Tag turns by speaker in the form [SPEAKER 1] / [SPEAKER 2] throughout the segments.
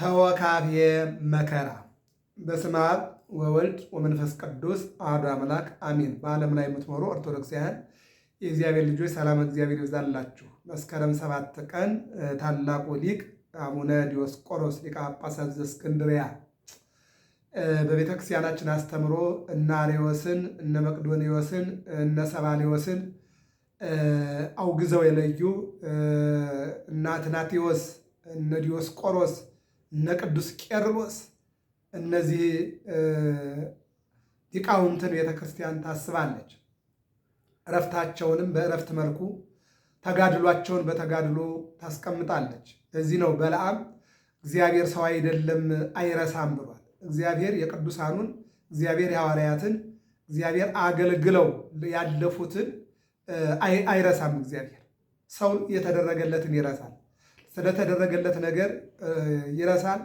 [SPEAKER 1] ተወካፌ መከራ በስመ አብ ወወልድ ወመንፈስ ቅዱስ አሐዱ አምላክ አሜን። በዓለም ላይ የምትኖሩ ኦርቶዶክሳውያን የእግዚአብሔር ልጆች ሰላም እግዚአብሔር ይብዛላችሁ። መስከረም ሰባት ቀን ታላቁ ሊቅ አቡነ ዲዮስቆሮስ ሊቀ ጳጳሳት ዘእስክንድርያ በቤተ ክርስቲያናችን አስተምሮ እነ አሬዎስን እነ እነ ሰባሌዎስን አውግዘው የለዩ እነ አትናቴዎስ እነ ዲዮስቆሮስ እነ ቅዱስ ቄርሎስ እነዚህ ሊቃውንትን ቤተክርስቲያን ታስባለች። እረፍታቸውንም በእረፍት መልኩ ተጋድሏቸውን በተጋድሎ ታስቀምጣለች። እዚህ ነው በለዓም እግዚአብሔር ሰው አይደለም አይረሳም ብሏል። እግዚአብሔር የቅዱሳኑን እግዚአብሔር የሐዋርያትን እግዚአብሔር አገልግለው ያለፉትን አይረሳም። እግዚአብሔር ሰው የተደረገለትን ይረሳል። ስለተደረገለት ነገር ይረሳል፣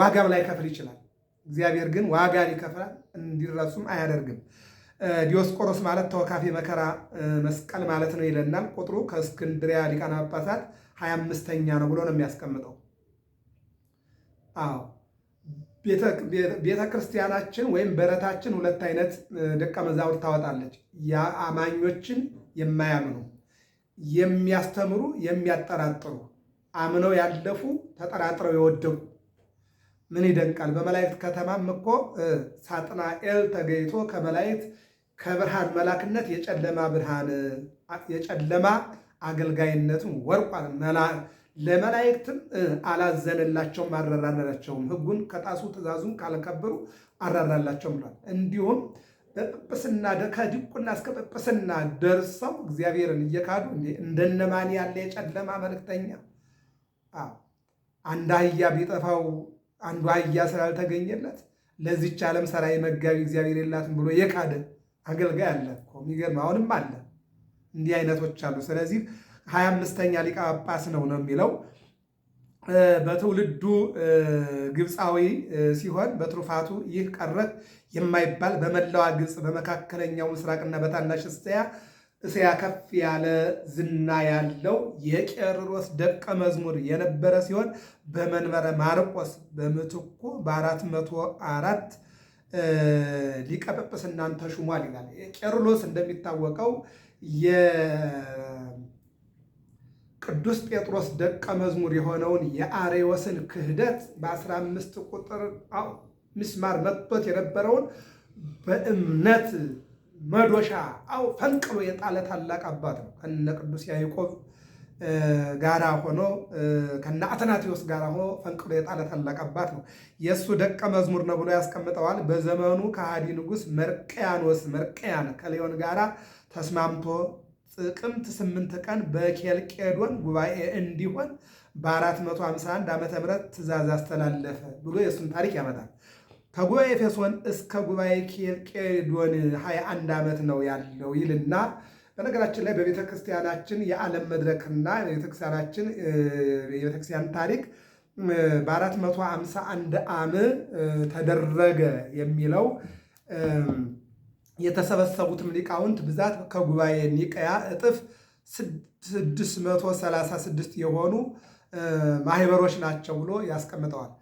[SPEAKER 1] ዋጋም ላይከፍል ይችላል። እግዚአብሔር ግን ዋጋ ሊከፍላል፣ እንዲረሱም አያደርግም። ዲዮስቆሮስ ማለት ተወካፊ መከራ መስቀል ማለት ነው ይለናል። ቁጥሩ ከእስክንድሪያ ሊቃነ ጳጳሳት ሀያ አምስተኛ ነው ብሎ ነው የሚያስቀምጠው። አዎ ቤተ ክርስቲያናችን ወይም በረታችን ሁለት አይነት ደቀ መዛሙርት ታወጣለች፣ የአማኞችን የማያምኑ የሚያስተምሩ የሚያጠራጥሩ አምነው ያለፉ ተጠራጥረው የወደቁ ምን ይደንቃል? በመላእክት ከተማም እኮ ሳጥናኤል ተገይቶ ከመላእክት ከብርሃን መላክነት የጨለማ ብርሃን የጨለማ አገልጋይነቱን ወርቋል። ለመላእክትም አላዘነላቸውም፣ አራራላቸውም ህጉን ከጣሱ ትእዛዙን ካለከበሩ አልራራላቸውም ብሏል። እንዲሁም በጵጵስና ከዲቁና እስከ ጵጵስና ደርሰው እግዚአብሔርን እየካዱ እንደነማን ያለ የጨለማ መልክተኛ አንድ አህያ ቢጠፋው አንዱ አህያ ስላልተገኘለት ለዚች ዓለም ሰራዊ መጋቢ እግዚአብሔር የላትም ብሎ የካደ አገልጋይ አለ እኮ። የሚገርም አሁንም አለ። እንዲህ አይነቶች አሉ። ስለዚህ ሀያ አምስተኛ ሊቀ ጳጳስ ነው ነው የሚለው በትውልዱ ግብፃዊ ሲሆን በትሩፋቱ ይህ ቀረት የማይባል በመላዋ ግብፅ በመካከለኛው ምስራቅና በታናሽ እስያ እስያ ከፍ ያለ ዝና ያለው የቄርሎስ ደቀ መዝሙር የነበረ ሲሆን በመንበረ ማርቆስ በምትኮ በአራት መቶ አራት ሊቀ ጵጵስናን ተሹሟል ይላል። ቄርሎስ እንደሚታወቀው ቅዱስ ጴጥሮስ ደቀ መዝሙር የሆነውን የአሬዎስን ክህደት በ15 ቁጥር ምስማር መጥቶት የነበረውን በእምነት መዶሻ አው ፈንቅሎ የጣለ ታላቅ አባት ነው። ከነ ቅዱስ ያዕቆብ ጋራ ሆኖ ከነ አትናቴዎስ ጋራ ሆኖ ፈንቅሎ የጣለ ታላቅ አባት ነው። የእሱ ደቀ መዝሙር ነው ብሎ ያስቀምጠዋል። በዘመኑ ከሃዲ ንጉሥ መርቀያኖስ መርቅያን ከሊዮን ጋራ ተስማምቶ ጥቅምት ስምንት ቀን በኬልቄዶን ጉባኤ እንዲሆን በ451 ዓመተ ም ትእዛዝ አስተላለፈ ብሎ የእሱን ታሪክ ያመጣል። ከጉባኤ ኤፌሶን እስከ ጉባኤ ኬልቄዶን 21 ዓመት ነው ያለው ይልና በነገራችን ላይ በቤተክርስቲያናችን የዓለም መድረክና ቤተክርስቲያናችን የቤተክርስቲያን ታሪክ በ451 ዓም ተደረገ የሚለው የተሰበሰቡትም ሊቃውንት ብዛት ከጉባኤ ኒቀያ እጥፍ 636 የሆኑ ማህበሮች ናቸው ብሎ ያስቀምጠዋል።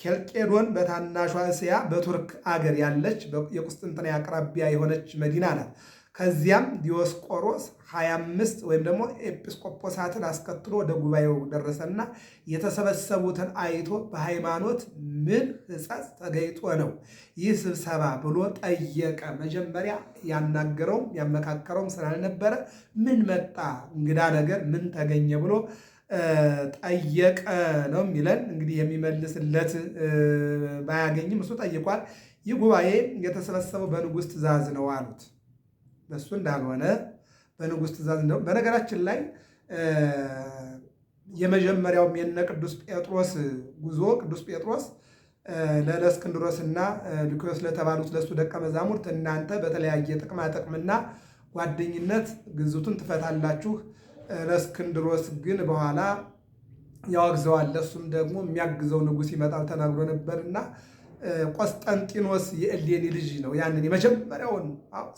[SPEAKER 1] ኬልቄዶን በታናሿ እስያ በቱርክ አገር ያለች የቁስጥንጥንያ አቅራቢያ የሆነች መዲና ናት። ከዚያም ዲዮስቆሮስ 25 ወይም ደግሞ ኤጲስቆጶሳትን አስከትሎ ወደ ጉባኤው ደረሰና የተሰበሰቡትን አይቶ በሃይማኖት ምን ሕፀጽ ተገይጦ ነው ይህ ስብሰባ ብሎ ጠየቀ። መጀመሪያ ያናገረውም ያመካከረውም ስላልነበረ ምን መጣ እንግዳ ነገር ምን ተገኘ ብሎ ጠየቀ ነው የሚለን። እንግዲህ የሚመልስለት ባያገኝም እሱ ጠይቋል። ይህ ጉባኤ የተሰበሰበው በንጉሥ ትእዛዝ ነው አሉት። በእሱ እንዳልሆነ በንጉሥ ትእዛዝ እንደሆነ በነገራችን ላይ የመጀመሪያውም የነ ቅዱስ ጴጥሮስ ጉዞ ቅዱስ ጴጥሮስ ለእስክንድሮስና ሉኪዮስ ለተባሉት ለእሱ ደቀ መዛሙርት እናንተ በተለያየ ጥቅማጥቅምና ጓደኝነት ግዙቱን ትፈታላችሁ፣ ለእስክንድሮስ ግን በኋላ ያወግዘዋል፣ ለእሱም ደግሞ የሚያግዘው ንጉሥ ይመጣል ተናግሮ ነበርና ቆስጠንጢኖስ የእሌኒ ልጅ ነው። ያንን የመጀመሪያውን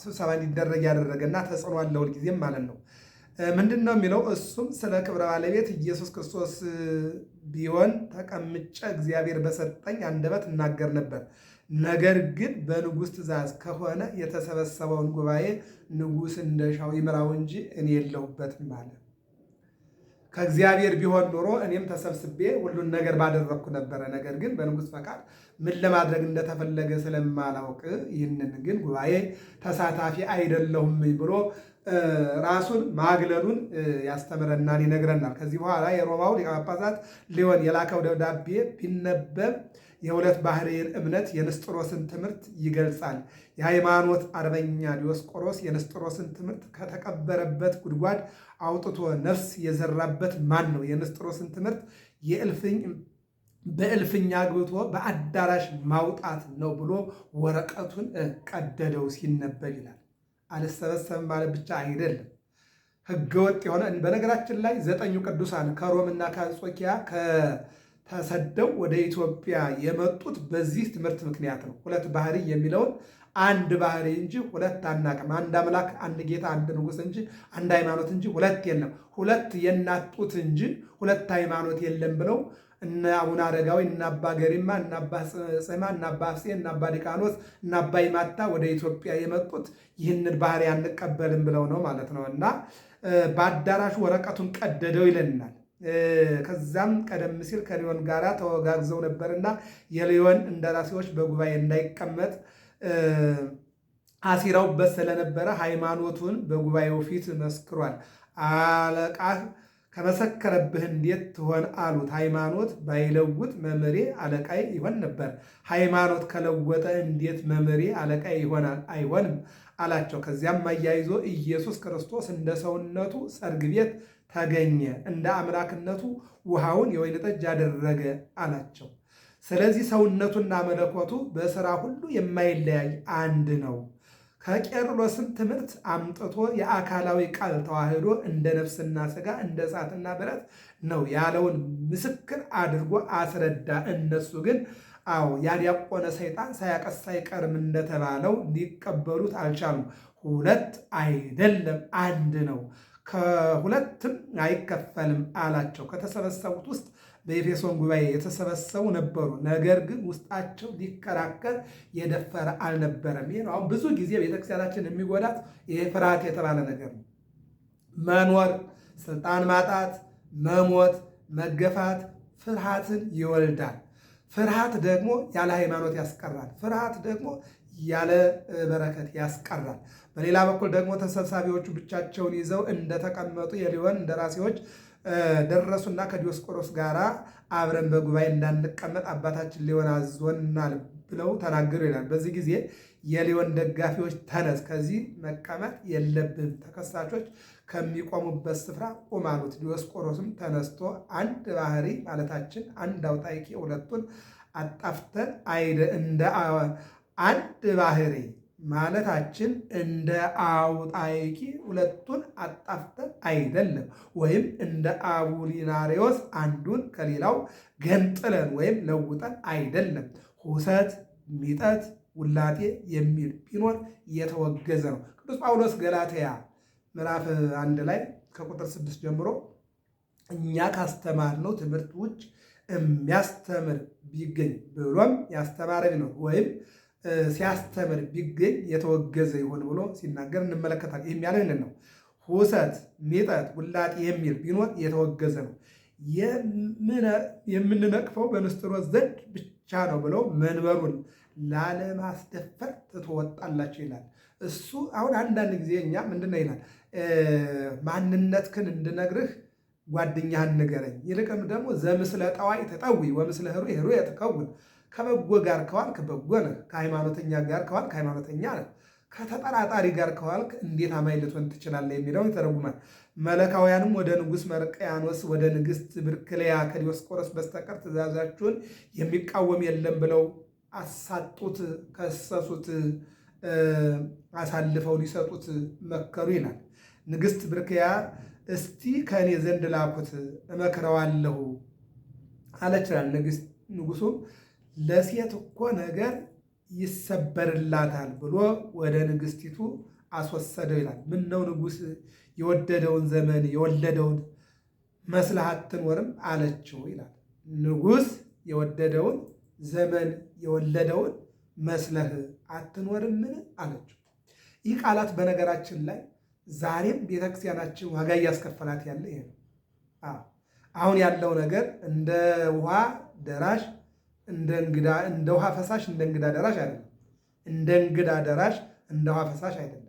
[SPEAKER 1] ስብሰባ እንዲደረግ ያደረገና ተጽዕኖ አለውን ጊዜም ማለት ነው። ምንድን ነው የሚለው? እሱም ስለ ክብረ ባለቤት ኢየሱስ ክርስቶስ ቢሆን ተቀምጬ እግዚአብሔር በሰጠኝ አንደበት እናገር ነበር። ነገር ግን በንጉሥ ትእዛዝ ከሆነ የተሰበሰበውን ጉባኤ ንጉሥ እንደሻው ይምራው እንጂ እኔ የለሁበትም አለ። ከእግዚአብሔር ቢሆን ኖሮ እኔም ተሰብስቤ ሁሉን ነገር ባደረግኩ ነበረ። ነገር ግን በንጉሥ ፈቃድ ምን ለማድረግ እንደተፈለገ ስለማላውቅ ይህንን ግን ጉባኤ ተሳታፊ አይደለሁም ብሎ ራሱን ማግለሉን ያስተምረናል፣ ይነግረናል። ከዚህ በኋላ የሮማው ሊቀ ጳጳሳት ሊሆን የላከው ደብዳቤ ቢነበብ የሁለት ባህርይን እምነት የንስጥሮስን ትምህርት ይገልጻል። የሃይማኖት አርበኛ ዲዮስቆሮስ የንስጥሮስን ትምህርት ከተቀበረበት ጉድጓድ አውጥቶ ነፍስ የዘራበት ማን ነው? የንስጥሮስን ትምህርት የእልፍኝ በእልፍኛ አግብቶ በአዳራሽ ማውጣት ነው ብሎ ወረቀቱን ቀደደው ሲነበብ ይላል። አልሰበሰብም ማለ ብቻ አይደለም ህገወጥ የሆነ በነገራችን ላይ ዘጠኙ ቅዱሳን ከሮምና ከአንጾኪያ ከተሰደው ወደ ኢትዮጵያ የመጡት በዚህ ትምህርት ምክንያት ነው። ሁለት ባህሪ የሚለውን አንድ ባህሪ እንጂ ሁለት አናቅም፣ አንድ አምላክ፣ አንድ ጌታ፣ አንድ ንጉስ እንጂ አንድ ሃይማኖት እንጂ ሁለት የለም፣ ሁለት የናጡት እንጂ ሁለት ሃይማኖት የለም ብለው እነ አቡነ አረጋዊ እነ አባ ገሪማ እነ አባ ጽማ እነ አባ አፍሴ እነ አባ ዲቃኖስ እነ አባ ይማታ ወደ ኢትዮጵያ የመጡት ይህንን ባህሪ አንቀበልም ብለው ነው ማለት ነው። እና በአዳራሹ ወረቀቱን ቀደደው ይለናል። ከዛም ቀደም ሲል ከሊዮን ጋር ተወጋግዘው ነበርና የሊዮን እንደራሴዎች በጉባኤ እንዳይቀመጥ አሲራውበት ስለነበረ ሃይማኖቱን በጉባኤው ፊት መስክሯል። አለቃህ ከመሰከረብህ እንዴት ትሆን አሉት። ሃይማኖት ባይለውጥ መምሬ አለቃይ ይሆን ነበር፣ ሃይማኖት ከለወጠ እንዴት መምሬ አለቃይ ይሆናል? አይሆንም አላቸው። ከዚያም አያይዞ ኢየሱስ ክርስቶስ እንደ ሰውነቱ ሰርግ ቤት ተገኘ፣ እንደ አምላክነቱ ውሃውን የወይን ጠጅ አደረገ አላቸው። ስለዚህ ሰውነቱና መለኮቱ በሥራ ሁሉ የማይለያይ አንድ ነው። ከቄርሎስም ትምህርት አምጥቶ የአካላዊ ቃል ተዋህዶ እንደ ነፍስና ስጋ እንደ እሳትና ብረት ነው ያለውን ምስክር አድርጎ አስረዳ። እነሱ ግን አዎ ያዲያቆነ ሰይጣን ሳያቀስ አይቀርም እንደተባለው ሊቀበሉት አልቻሉም። ሁለት አይደለም አንድ ነው፣ ከሁለትም አይከፈልም አላቸው ከተሰበሰቡት ውስጥ በኤፌሶን ጉባኤ የተሰበሰቡ ነበሩ። ነገር ግን ውስጣቸው ሊከራከር የደፈረ አልነበረም። ይ አሁን ብዙ ጊዜ ቤተክርስቲያናችን የሚጎዳት ይሄ ፍርሃት የተባለ ነገር ነው። መኖር፣ ስልጣን ማጣት፣ መሞት፣ መገፋት ፍርሃትን ይወልዳል። ፍርሃት ደግሞ ያለ ሃይማኖት ያስቀራል። ፍርሃት ደግሞ ያለ በረከት ያስቀራል። በሌላ በኩል ደግሞ ተሰብሳቢዎቹ ብቻቸውን ይዘው እንደተቀመጡ የሊሆን እንደራሴዎች ደረሱና ከዲዮስቆሮስ ጋር አብረን በጉባኤ እንዳንቀመጥ አባታችን ሊሆን አዞናል ብለው ተናገሩ ይላል። በዚህ ጊዜ የሊዮን ደጋፊዎች ተነስ፣ ከዚህ መቀመጥ የለብን ተከሳቾች ከሚቆሙበት ስፍራ ቁም አሉት። ዲዮስቆሮስም ተነስቶ አንድ ባህሪ ማለታችን አንድ አውጣቂ ሁለቱን አጣፍተን አይደ እንደ አንድ ባህሪ ማለታችን እንደ አውጣይቂ ሁለቱን አጣፍተን አይደለም፣ ወይም እንደ አቡሊናሪዎስ አንዱን ከሌላው ገንጥለን ወይም ለውጠን አይደለም። ሁሰት ሚጠት ውላጤ የሚል ቢኖር የተወገዘ ነው። ቅዱስ ጳውሎስ ገላትያ ምዕራፍ አንድ ላይ ከቁጥር ስድስት ጀምሮ እኛ ካስተማርነው ትምህርት ውጭ የሚያስተምር ቢገኝ ብሎም ያስተማረ ቢኖር ወይም ሲያስተምር ቢገኝ የተወገዘ ይሁን ብሎ ሲናገር እንመለከታል። ይህም ያለ ይህንን ነው። ሁሰት፣ ሚጠት፣ ውላጤ የሚል ቢኖር የተወገዘ ነው። የምንነቅፈው በንስጥሮስ ዘንድ ብቻ ነው ብለው መንበሩን ላለማስደፈር ትተወጣላቸው ይላል። እሱ አሁን አንዳንድ ጊዜ እኛ ምንድነው ይላል ማንነትህን እንድነግርህ ጓደኛህን ንገረኝ፣ ይልቅም ደግሞ ዘምስለ ጠዋይ ተጠዊ ወምስለ ህሩይ ህሩይ የተከውን ከበጎ ጋር ከዋልክ በጎ ነህ። ከሃይማኖተኛ ጋር ከዋልክ ሃይማኖተኛ ነህ። ከተጠራጣሪ ጋር ከዋልክ እንዴት አማኝ ልትሆን ትችላለህ? የሚለው ይተረጉማል። መለካውያንም ወደ ንጉሥ መርቀያኖስ ወደ ንግሥት ብርክሌያ ከዲዮስቆሮስ በስተቀር ትእዛዛችሁን የሚቃወም የለም ብለው አሳጡት፣ ከሰሱት፣ አሳልፈው ሊሰጡት መከሩ ይላል። ንግሥት ብርክያ እስቲ ከእኔ ዘንድ ላኩት እመክረዋለሁ አለችላል። ንጉሱም ለሴት እኮ ነገር ይሰበርላታል ብሎ ወደ ንግስቲቱ አስወሰደው ይላል። ምን ነው ንጉስ የወደደውን ዘመን የወለደውን መስለህ አትኖርም አለችው ይላል። ንጉስ የወደደውን ዘመን የወለደውን መስለህ አትኖርምን አለችው። ይህ ቃላት በነገራችን ላይ ዛሬም ቤተክርስቲያናችን ዋጋ እያስከፈላት ያለ ይሄ ነው። አሁን ያለው ነገር እንደ ውሃ ደራሽ እንደ እንግዳ እንደ ውሃ ፈሳሽ እንደ እንግዳ ደራሽ አይደለም። እንደ እንግዳ ደራሽ እንደ ውሃ ፈሳሽ አይደለም።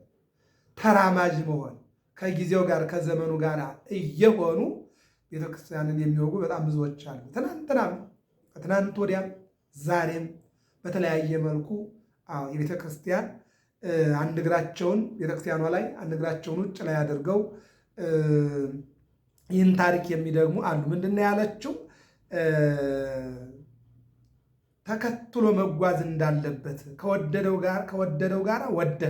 [SPEAKER 1] ተራማጅ መሆን ከጊዜው ጋር ከዘመኑ ጋር እየሆኑ ቤተክርስቲያንን የሚወጉ በጣም ብዙዎች አሉ። ትናንትናም ከትናንት ወዲያም ዛሬም በተለያየ መልኩ የቤተክርስቲያን አንድ እግራቸውን ቤተክርስቲያኗ ላይ አንድ እግራቸውን ውጭ ላይ አድርገው ይህን ታሪክ የሚደግሙ አሉ። ምንድን ነው ያለችው? ተከትሎ መጓዝ እንዳለበት ከወደደው ጋር ከወደደው ጋር ወደደ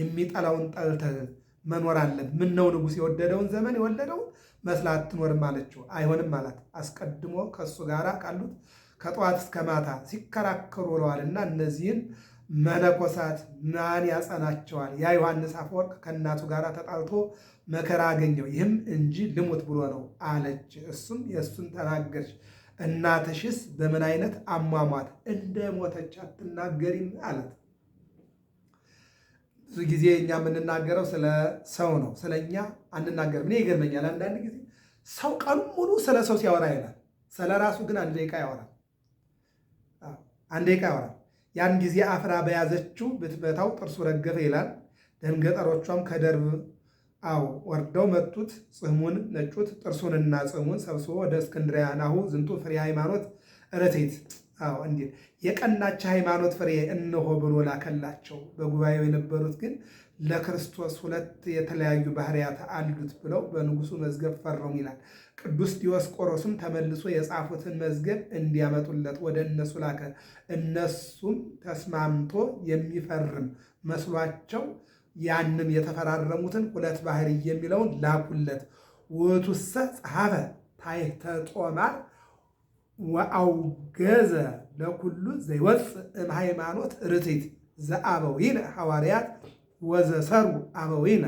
[SPEAKER 1] የሚጠላውን ጠልተ መኖር አለብህ። ምን ነው ንጉሥ የወደደውን ዘመን የወለደው መስላ አትኖርም አለችው። አይሆንም አላት። አስቀድሞ ከእሱ ጋር ካሉት ከጠዋት እስከ ማታ ሲከራከሩ ውለዋልና እነዚህን መነኮሳት ማን ያጸናቸዋል? ያ ዮሐንስ አፈወርቅ ከእናቱ ጋር ተጣልቶ መከራ አገኘው። ይህም እንጂ ልሙት ብሎ ነው አለች። እሱም የእሱን ተናገረች። እናትሽስ በምን አይነት አሟሟት እንደ ሞተች አትናገሪም አላት። ብዙ ጊዜ እኛ የምንናገረው ስለ ሰው ነው፣ ስለ እኛ አንናገርም። እኔ ይገርመኛል አንዳንድ ጊዜ ሰው ቀኑ ሙሉ ስለ ሰው ሲያወራ ይላል፣ ስለ ራሱ ግን አንድ ደቂቃ ያወራል። አንድ ደቂቃ ያወራል። ያን ጊዜ አፍራ በያዘችው ብትበታው ጥርሱ ረገፈ ይላል። ደንገጠሮቿም ከደርብ አው ወርደው መቱት፣ ጽሕሙን ነጩት፣ ጥርሱንና ጽሕሙን ሰብስቦ ወደ እስክንድሪያ ናሁ ዝንቱ ፍሬ ሃይማኖት ረቴት አዎ እንዴት የቀናች ሃይማኖት ፍሬ እነሆ ብሎ ላከላቸው። በጉባኤው የነበሩት ግን ለክርስቶስ ሁለት የተለያዩ ባህርያት አሉት ብለው በንጉሱ መዝገብ ፈረሙ ይላል። ቅዱስ ዲዮስቆሮስም ተመልሶ የጻፉትን መዝገብ እንዲያመጡለት ወደ እነሱ ላከ። እነሱም ተስማምቶ የሚፈርም መስሏቸው ያንን የተፈራረሙትን ሁለት ባህሪ የሚለውን ላኩለት። ወቱሰ ጸሐፈ ታሕተ ጦማር ወአውገዘ ለኩሉ ዘይወፅእ እምሃይማኖት ርትዕት ዘአበዊነ ሐዋርያት ወዘሰሩ አበዊነ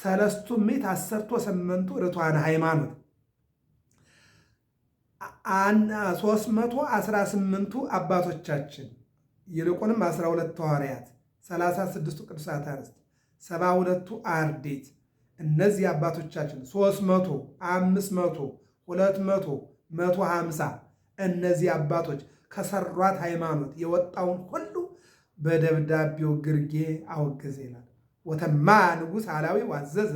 [SPEAKER 1] ሰለስቱ ምዕት አሰርቶ ስምንቱ ርቷን ሃይማኖት ሶስት መቶ አስራ ስምንቱ አባቶቻችን ይልቁንም አስራ ሁለት ሐዋርያት ሰላሳ ስድስቱ ቅዱሳት አንስት ሰባ ሁለቱ አርዴት እነዚህ አባቶቻችን ሶስት መቶ አምስት መቶ ሁለት መቶ መቶ ሀምሳ እነዚህ አባቶች ከሰሯት ሃይማኖት የወጣውን ሁሉ በደብዳቤው ግርጌ አወገዘ ይላል። ወተማ ንጉሥ አላዊ ዋዘዘ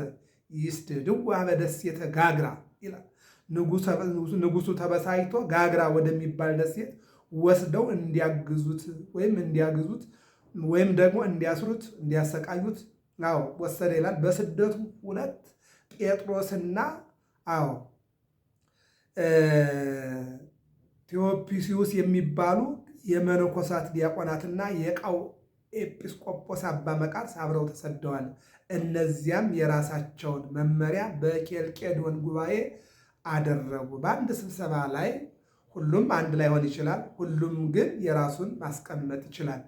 [SPEAKER 1] ይስድድዋ በደሴተ ጋግራ ይላል። ንጉሱ ተበሳይቶ ጋግራ ወደሚባል ደሴት ወስደው እንዲያግዙት ወይም እንዲያግዙት ወይም ደግሞ እንዲያስሩት እንዲያሰቃዩት አዎ ወሰደ ይላል። በስደቱ ሁለት ጴጥሮስና አዎ ቴዎፒሲዩስ የሚባሉ የመነኮሳት ዲያቆናትና የቃው ኤጲስቆጶስ አባ መቃርስ አብረው ተሰደዋል። እነዚያም የራሳቸውን መመሪያ በኬልቄዶን ጉባኤ አደረጉ። በአንድ ስብሰባ ላይ ሁሉም አንድ ላይ ሆን ይችላል። ሁሉም ግን የራሱን ማስቀመጥ ይችላል።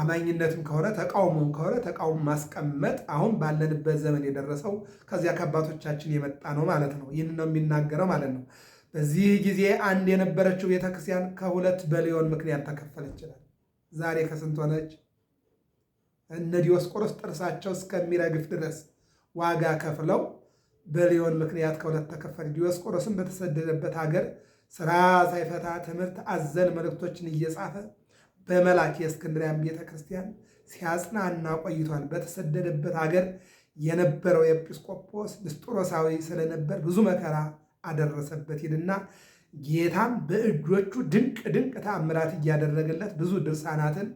[SPEAKER 1] አማኝነትም ከሆነ ተቃውሞም ከሆነ ተቃውሞ ማስቀመጥ አሁን ባለንበት ዘመን የደረሰው ከዚያ ከአባቶቻችን የመጣ ነው ማለት ነው። ይህን ነው የሚናገረው ማለት ነው። በዚህ ጊዜ አንድ የነበረችው ቤተክርስቲያን ከሁለት በሊዮን ምክንያት ተከፈለች ይላል። ዛሬ ከስንት ሆነች? እነ ዲዮስቆሮስ ጥርሳቸው እስከሚረግፍ ድረስ ዋጋ ከፍለው በሊዮን ምክንያት ከሁለት ተከፈለ። ዲዮስቆሮስን በተሰደደበት ሀገር ስራ ሳይፈታ ትምህርት አዘል መልእክቶችን እየጻፈ በመላክ የእስክንድሪያን ቤተ ክርስቲያን ሲያጽናና ቆይቷል። በተሰደደበት አገር የነበረው ኤጲስቆጶስ ንስጥሮሳዊ ስለነበር ብዙ መከራ አደረሰበት። ሂድና ጌታም በእጆቹ ድንቅ ድንቅ ተአምራት እያደረገለት ብዙ ድርሳናትን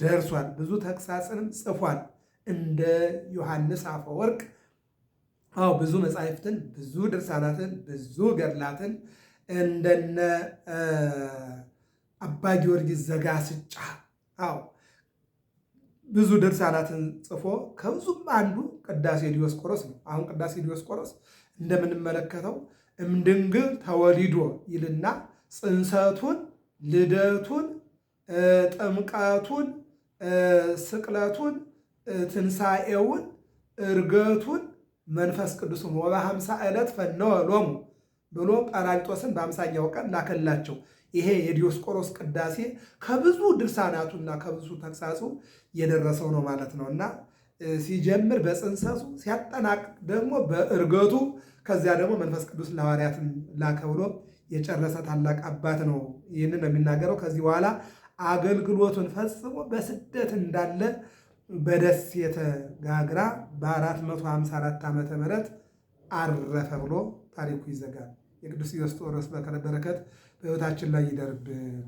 [SPEAKER 1] ደርሷል። ብዙ ተግሳጽንም ጽፏል። እንደ ዮሐንስ አፈወርቅ አው ብዙ መጻሕፍትን፣ ብዙ ድርሳናትን፣ ብዙ ገድላትን እንደነ አባ ጊዮርጊስ ዘጋስጫ አዎ ብዙ ድርሳናትን ጽፎ ከብዙም አንዱ ቅዳሴ ዲዮስቆሮስ ነው። አሁን ቅዳሴ ዲዮስቆሮስ እንደምንመለከተው እምድንግል ተወሊዶ ይልና ጽንሰቱን፣ ልደቱን፣ ጥምቀቱን፣ ስቅለቱን፣ ትንሣኤውን፣ እርገቱን መንፈስ ቅዱስን ወበ ሀምሳ ዕለት ፈነወ ሎሙ ብሎ ጰራቅሊጦስን በአምሳኛው ቀን ላከላቸው። ይሄ የዲዮስቆሮስ ቅዳሴ ከብዙ ድርሳናቱና ከብዙ ተግሳጹ የደረሰው ነው ማለት ነው እና ሲጀምር በጽንሰሱ ሲያጠናቅቅ ደግሞ በእርገቱ ከዚያ ደግሞ መንፈስ ቅዱስ ለሐዋርያትን ላከ ብሎ የጨረሰ ታላቅ አባት ነው። ይህንን ነው የሚናገረው። ከዚህ በኋላ አገልግሎቱን ፈጽሞ በስደት እንዳለ በደሴተ ጋግራ በ454 ዓ ም አረፈ ብሎ ታሪኩ ይዘጋል። የቅዱስ ዲዮስቆሮስ በረከት በህይወታችን ላይ ይደርብን።